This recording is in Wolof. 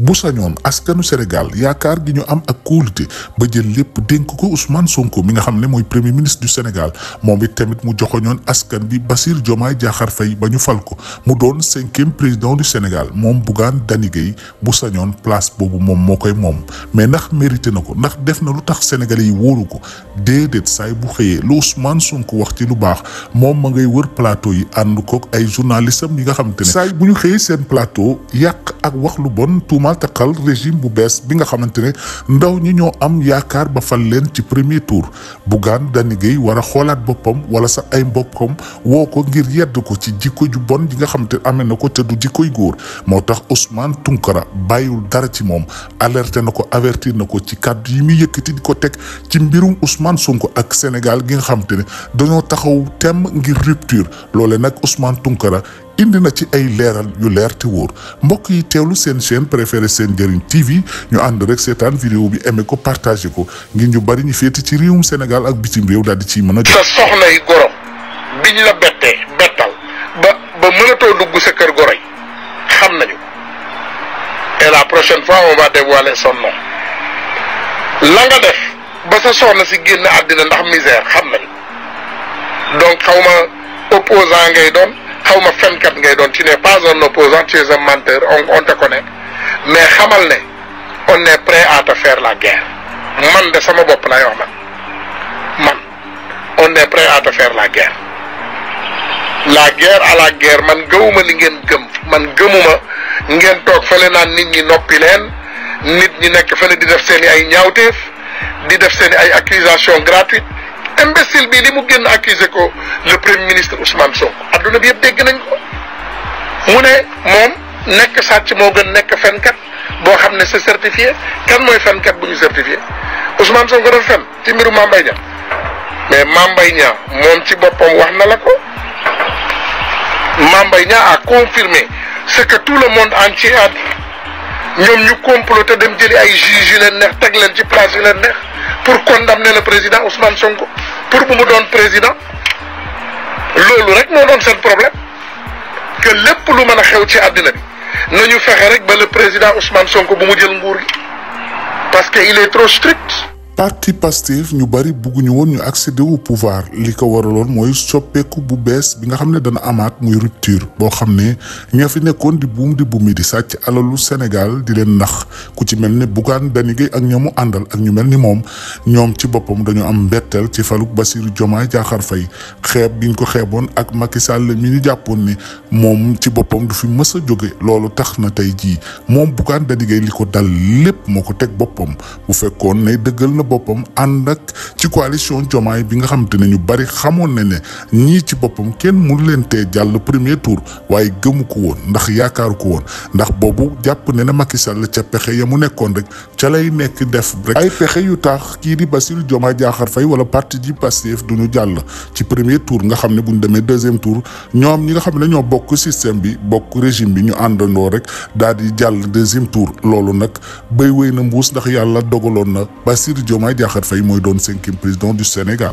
bu sañoon askanu Sénégal yaakaar gi ñu am ak kóolute ba jël lépp dénk ko Ousmane Sonko mi nga xam ne mooy premier ministre du Sénégal moom it tamit mu joxoñoon askan bi Bassirou Diomaye Diakhar Faye ba ñu fal ko mu doon cinquième président du Sénégal moom Bougane Dany Gueye bu sañoon place boobu moom moo koy moom mais ndax mérité na ko ndax def na lu tax sénégalais yi wóoru ko déedéet saay bu xëyee lu Ousmane sunk wax ci lu baax moom ma ngay wër plateau yi ànd kook ay journalistam yi nga xam ne saay bu ñu xëyee seen plateau yàq ak wax lu bon tuumaal takkal régime bu bees bi nga xamante ne ndaw ñi ñoo am yaakaar ba fal leen ci premier tour Bougane Dany Gueye war a xoolaat boppam wala sax ay mbokkam woo ko ngir yedd ko ci jikko ju bon ji nga xamante ne na ko te du jikkoy góor moo tax Ousmane Tounkara bàyyiwul dara ci moom alerté na ko avertir na ko ci kàddu yi muy yëkkati di ko teg ci mbirum Ousmane sunk ak Sénégal gi nga xamante ne dañoo taxaw temm ngir rupture loole nag Ousmane Tounkara indi na ci ay leeral yu leer te wóor mbokk yi teewlu seen chaîne préférée seen njëriñ TV ñu ànd rek seetaan vidéo bi aimé ko partagé ko ngir ñu bari ñu féete ci réewum Sénégal ak bitim réew daal di ciy mën a. sa soxna yi goro biñ la bettee bettal ba ba mënatoo dugg sa kër goro yi xam nañu et la prochaine fois on va dévoiler son nom la nga def ba sa soxna si génn àddina ndax misère xam nañu donc xaw ma opposant ngay doon. xaw ma kat ngay doon tu n'es pas un opposant tu es un menteur on te connaît mais xamal ne on est prêt à te faire la guerre man de sama bopp lay wax man man on est prêt à te faire la guerre la guerre à la guerre man gëmuma li ngeen gëm man gëmuma ngeen toog fële naan nit ñi noppi leen nit ñi nekk fële di def seen i ay ñaawteef di def seen i ay accusations gratuites imbécile bi li mu accusé ko le premier ministre Ousmane Sonko aduna bi yëpp dégg nañ ko mu ne moom nekk sàcc moo gën nekk fenkat boo xam ne c'est certifié kan mooy fenkat bu ñu certifié Ousmane Sonko dafa fen ci mbiru Mame Niang mais Mame Mbaye Niang moom ci boppam wax na la ko Niang a confirmé ce que tout le monde entier a dit ñoom ñu comploté dem jëli ay juges yu leen neex teg leen ci place yu pour condamner le président Ousmane Sonko pour bu mu doon président loolu rek moo doon seen problème que lépp lu mën a xew ci àddina bi nañu fexe rek ba le président Ousmane Sonko bu mu jël nguur parce que il est trop strict parti pastif ñu bari ñu won ñu accéder au pouvoir li ko waraloon mooy soppeeku bu bees bi nga xam dana amaat muy rupture bo xam ne ña fi nekkon di boom di bumi di sàcc alalu sénégal di len nax ku ci melni bugan ak ñamu andal ak ñu melni ni ñom ci boppam dañu am mbettel ci faluk basiru jomaay fay xeeb biñ ko xeeboon ak Macky Sall mi ñu jàppoon ni mom ci boppam du fi mësa joggé lolu tax na tay ji mom bugan dal lepp moko tek teg bu fekkon ne deugal na boppam ànd ak ci coalition Diomaye bi nga xamante ne ñu bari xamoon na ne ñii ci boppam kenn mënu leen tee jàll premier tour waaye gëmu ko woon ndax yaakaaru ko woon ndax boobu jàpp ne na Macky Sall ca pexe ya mu nekkoon rek ca lay nekk def rek ay pexe yu tax kii di Bassirou Diomaye Diakhar fay wala parti ji Pastef du ñu jàll ci premier tour nga xam ne bu ñu demee deuxième tour ñoom ñi nga xam ne ñoo bokk système bi bokk régime bi ñu àndandoo rek daal di jàll deuxième tour loolu nag na mbuus ndax yàlla dogaloon na Diomaye Diakhar Faye mooy doon cinquième président du Sénégal